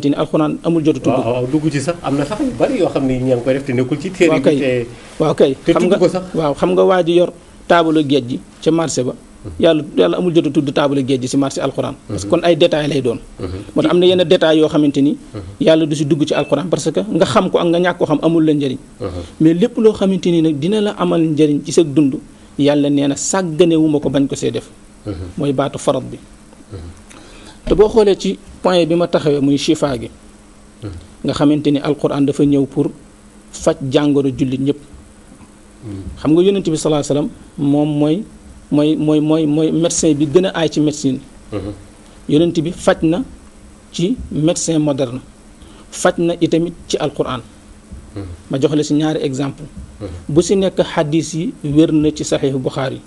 xamante ni alxuraan amul jotu tudd waaw dugg ci sax am na sax yu bari yoo xam ne ñaa ngi koy def te nekkul ci téere bi te waaw kay xam nga waa ji yor taabalu géej gi ca marché ba mhm. yàlla yàlla amul jotu tudd taabalu géej gi si marché alxuraan mhm. parce que kon ay détails lay doon mhm. moo am na yenn détails yoo xamante ni yàlla du si dugg ci alxuraan parce que nga xam ko ak nga ñàkk ko xam amul la njëriñ mais lépp loo xamante ni nag dina la amal njariñ ci sa dund yàlla nee na sàgganewuma ko bañ ko see def mooy baatu farat bi te boo xoolee ci point bi ma taxawee muy chifa gi nga xamante ni alquran dafa ñëw pour faj jàngoro jullit ñëpp xam nga yonent bi salaa salaam moom mooy mooy mooy mooy mooy médecin bi gën a aay ci médecine yonent bi faj na ci médecin moderne faj na itamit ci alquran ma jox la si ñaari exemple bu si nekk xadis yi wér na ci saxiix Buxaari yi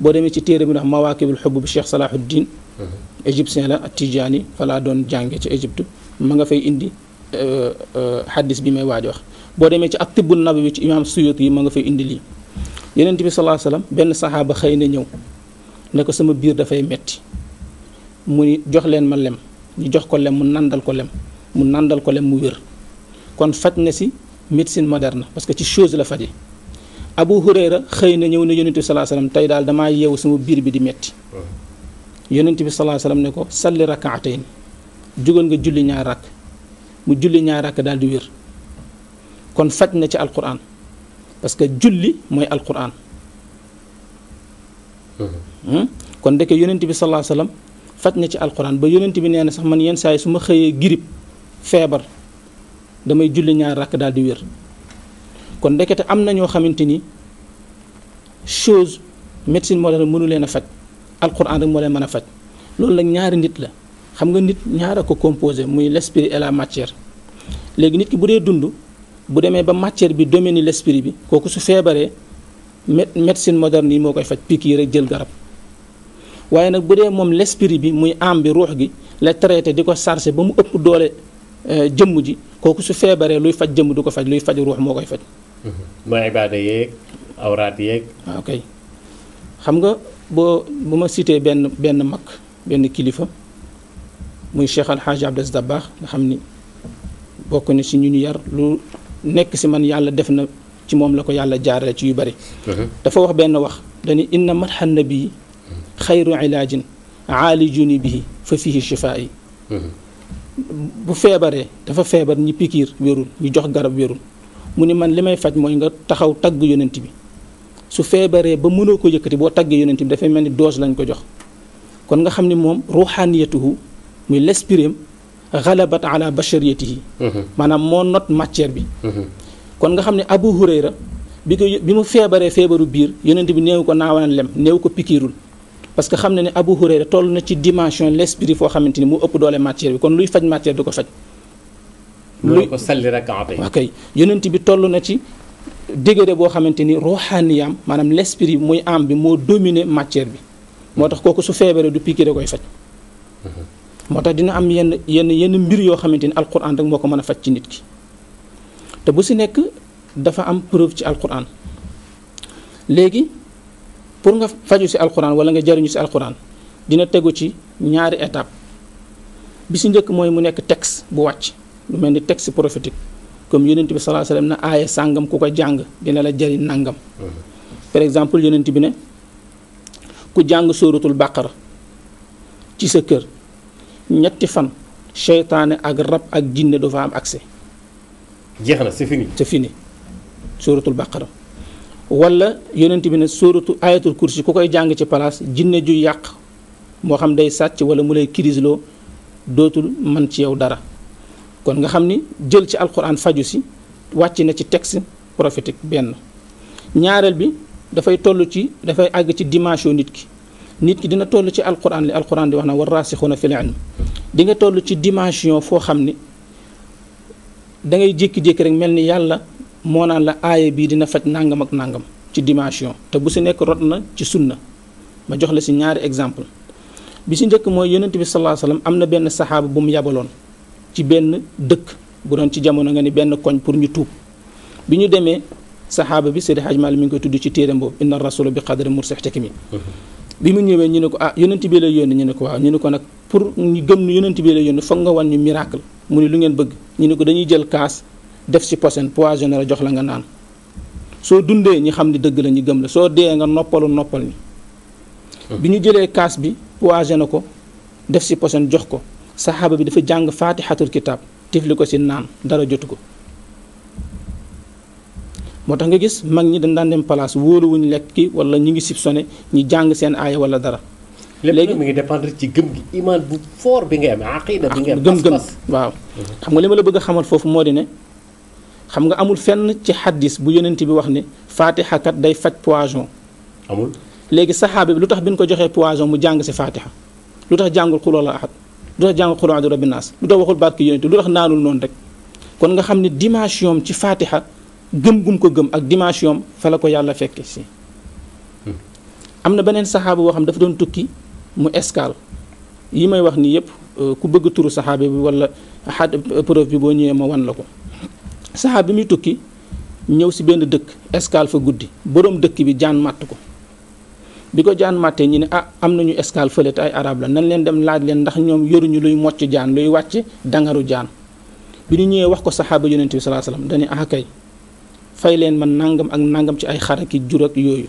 boo demee ci téere bi ndax mawaakibul xubb bi Cheikh Salahuddin mhm. égyptien la ak Tijaani fa laa doon jànge ci Égypte ma nga fay indi xaddis euh, euh, bi may waaj wax boo demee ci ak tibbul nabawi ci imaam Suyuti yi ma nga fay indi lii yeneen bi sallallahu alayhi wasallam benn saxaaba xëy na ñëw ne ko sama biir dafay metti mu ni jox leen ma lem ñu jox ko lem mu nàndal ko lem mu nàndal ko lem mu wér kon faj na si médecine moderne parce que ci chose la faje abu hurayra xëy na ñëw ne yonent bi salaa salaam tey daal damaa yeewu sama biir bi di metti yonent bi salaa salaam ne ko salli rakaatayn jugoon nga julli ñaar rakk mu julli ñaar rakk daal di wér kon faj na ci alquran parce que julli mooy alquran hmm? kon ndeke yonent bi salaa salaam faj ci alquran ba yonent bi nee na sax man yenn saa su ma xëyee girib feebar damay julli ñaar rakk daal di wér kon ndekete am na ñoo xamante ni chose médecine moderne mënu leen a faj alquran rek moo leen mën a faj loolu nag ñaari nit la xam nga nit ñaar a ko composé muy l'esprit et la matière léegi nit ki bu dee dund bu demee ba matière bi domaine l'esprit bi kooku su feebaree médecine moderne yi moo koy faj piqûre yi rek jël garab waaye nag bu dee moom l'esprit bi muy am bi ruux gi la traité di ko chargé ba mu ëpp doole euh, jëmm ji kooku su feebaree luy faj jëmm du ko faj luy faj moo koy faj mooy ibaada yeeg awraat ah, xam nga boo bu ma cité benn benn mag benn kilifa muy Cheikh Al Hadj Abdou nga xam ni bokk na ci ñu ñu yar lu nekk si man yàlla def na ci moom la ko yàlla jaarale ci yu bari. Mhm. dafa wax benn wax dañuy inna madhan nabi xayru ilaajin aalijuni bihi fa fihi shifaa yi mhm. bu feebaree dafa feebar ñi pikiir wérul ñu jox garab wérul mu ni man li may faj mooy nga taxaw tagg yonent bi su feebaree ba mënoo ko yëkkati boo taggee yonent bi dafay mel ni dose lañ ko jox kon nga xam ne moom ruuxaaniyatuhu muy l'esprit galabat ala bashariyatihi mhm. maanaam moo not matière bi mhm. kon nga xam ne Abu Hurayra bi ko bi mu feebaree feebaru biir yonent bi néew ko naawanaan lem néew ko pikiirul parce xam ne ne Abu Hurayra toll na ci dimension l'esprit foo xamante ni mu ëpp doole matière bi kon luy faj matière du ko faj luy ko salli rakaatay waaw kay yonent bi toll na ci degré boo xamante ni ruuxaaniyaam maanaam l'esprit muy am bi moo dominer matière bi moo tax kooku su feebaree du piqûre koy faj mhm. moo tax dina am yenn yenn yenn mbir yoo xamante ni alquran rek moo ko mën a faj ci nit ki te bu si nekk dafa am preuve ci alquran léegi pour nga faju si alquran wala nga jariñu si alquran dina tegu ci ñaari étape bi si njëkk mooy mu nekk texte bu wàcc lu mel ni texte prophétique comme yonent bi sallallahu alayhi wa sallam ne sàngam ku ko jàng dina la jëriñ nàngam par exemple yonent bi ne ku jàng sóoratul bàqara ci sa kër ñetti fan seytaane ak rab ak jinne du fa am accès jeex na c'est fini c'est fini sóoratul bàqara wala yonent bi ne sóoratu ayatul kursi ku koy jàng ci place jinne ju yàq moo xam day sàcc wala mu lay kirisloo dootul man ci yow dara kon nga xam ni jël ci alquran faju si wàcc na ci texte prophétique benn ñaareel bi dafay toll ci dafay àgg ci dimension nit ki nit ki dina toll ci alquran li alquran di wax na war raasixuuna fil ilm di nga toll ci dimension foo xam ni dangay ngay jékki-jékki rek mel ni yàlla moo naan la aaya bii dina faj nangam ak nangam ci dimension te bu si nekk rot na ci sunna ma jox la si ñaari exemple bi si njëkk mooy yonent bi sallallahu alayhi am na benn saxaaba bu mu yabaloon ci benn dëkk bu doon ci jamono nga ni benn koñ pour ñu tuub bi ñu demee saxaaba bi Seydi Hajj Maalik mi ngi koy tudd ci téeram boobu inna rasula bi qadri mursaxtakimi bi mu ñëwee ñu ne ko ah yonent bi la yónni ñu ne ko waaw ñu ne ko nag pour ñu gëm ñu yonent bi la yónni foog nga wan ñu miracle mu ne lu ngeen bëgg ñu ne ko dañuy jël kaas def si posen poisonné la jox la nga naan soo dundee ñi xam ne dëgg la ñu gëm la soo dee nga noppalu noppal ni hmm. bi ñu jëlee kaas bi poisonné na ko def si posen jox ko saxaaba bi dafa jàng faatixatul kitaab tifli ko si naan dara jotu ko moo tax nga gis mag ñi dañ daan dem place wóoluwuñu lekk ki wala ñu ngi sib sipsone ñu jàng seen aaya wala dara. léegi mi ngi dépendre ci gëm gi bu fort bi nga am aqida bi nga am gëm-gëm waaw. xam nga li ma la bëgg xamal foofu moo di ne xam nga amul fenn ci xaddis bu yonent bi wax ne faatixa kat day faj poison. amul léegi saxaaba bi lu tax bi ñu ko joxee poison mu jàng si faatixa lu tax jàngul xuloo la ahad lu tax jàng xuraan di rabbi lu tax waxul barke yonent lu tax naanul noonu rek kon nga xam ne dimension ci faatiha gëm gum ko gëm ak dimension fa la ko yàlla fekke si hmm. am na beneen saxaaba boo xam dafa doon tukki mu escale yi may wax nii yëpp euh, ku bëgg turu saxaab bi wala xaat preuve bi boo ñëwee ma wan la ko saxaaba bi muy tukki ñëw si benn dëkk escale fa guddi boroom dëkk bi jaan màtt ko bi ko jaan màttee ñi ne a ah, am nañu escale fële te ay arab la nan leen dem laaj leen ndax ñoom yoruñu luy mocc jaan luy wàcc dangaru jaan bi ñu ñëwee wax ko saxaaba yonent bi salaa salaam dañu ah kay fay leen man nangam ak nangam ci ay xar ak yooyu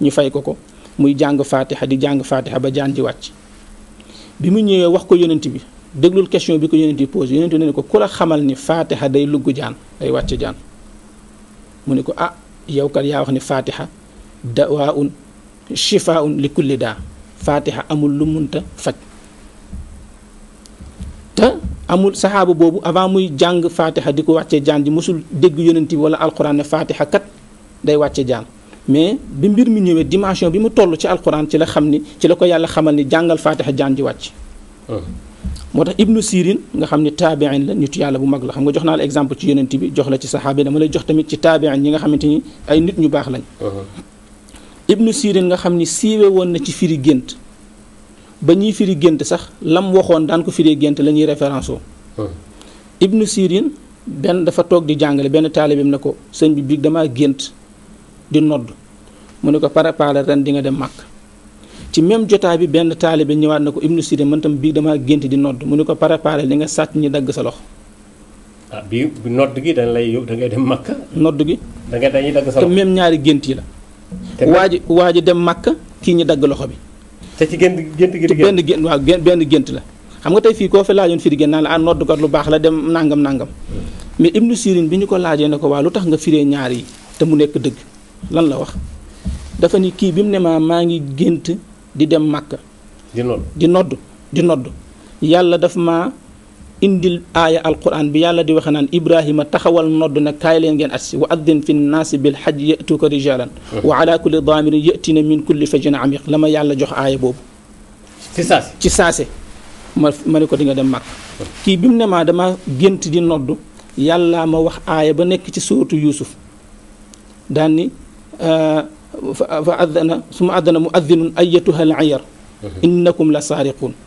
ñu fay ko ko muy jàng faatixa di jàng faatixa ba jaan ji wàcc bi mu ñëwee wax ko yonent bi déglul question bi ko yonent bi posé yonent bi ne ko ku la xamal ni faatixa day lugg jaan ay wàcc jaan mu ne ko a ah, yow kat yaa wax ni faatixa dawaa un shifaun li kulli daa fatiha amul lu munta faj te amul saxaaba boobu avant muy jàng fatiha di ko wàccee jaan ji mosul dégg yonent bi wala alquran ne fatiha kat day wàcce jaan mais bi mbir mi ñëwee dimension bi mu toll ci alquran ci la xam ni ci la ko yàlla xamal ni jàngal fatiha jaan ji wàcc ah. moo tax ibnu sirin nga xam ne taabiin la nitu yàlla bu mag la xam nga jox naa la exemple ci yonent bi jox la ci saxaaba dama lay jox tamit ci taabiin ñi nga xamante ni ay nit ñu baax lañ ah. ibnu sirin nga xam ni siiwe woon na ci firi gént ba ñuy firi gént sax lam waxoon daan ko firi gént la ñuy référence o hmm. benn dafa toog di jàngale benn taalibeem ne ko sëñ bi biig damaa gént di nodd mu ne ko préparé ren di nga dem màkk ci même jotaay bi benn taalibe ñëwaat na ko ibnu sirin man damaa gént di nodd mu ne ko préparé li nga sàcc ñi dagg sa loxo ah bi nodd gi dañ lay da ngay dem màkk nodd gi da te même ñaari gént yi la te waa ji waa ji dem màkk kii ñu dagg loxo bi. te ci gént gént gi benn gént waaw benn gént la. xam nga tey fii koo fi laajoon firi gént naa la ah ko lu baax la dem nangam nangam. mais Ibnu Sirin bi ñu ko laajee ne ko waa lu tax nga firee ñaar yi te mu nekk dëgg lan la wax dafa ni kii bi mu ne maa maa ngi gént di dem màkk. di nodd di nodd di nodd yàlla daf maa. indil aaya alquran bi yàlla di waxe naan ibrahima taxawal nodd na kaay leen ngeen agsi wa addin fi naasi bil xaj yatuuka rijalan wa hmm. ala kulli daamirin yatina min kulli fajin amiq la yàlla jox aaya boobu ci saase ci ko dinga dem màkk kii bi mu ne maa dama gént di nodd yàlla ma wax aaya ba nekk ci suuratu yuusuf daan ni euh, fa addana su ma mu addinun ayatuha al ayar hmm. la saariquun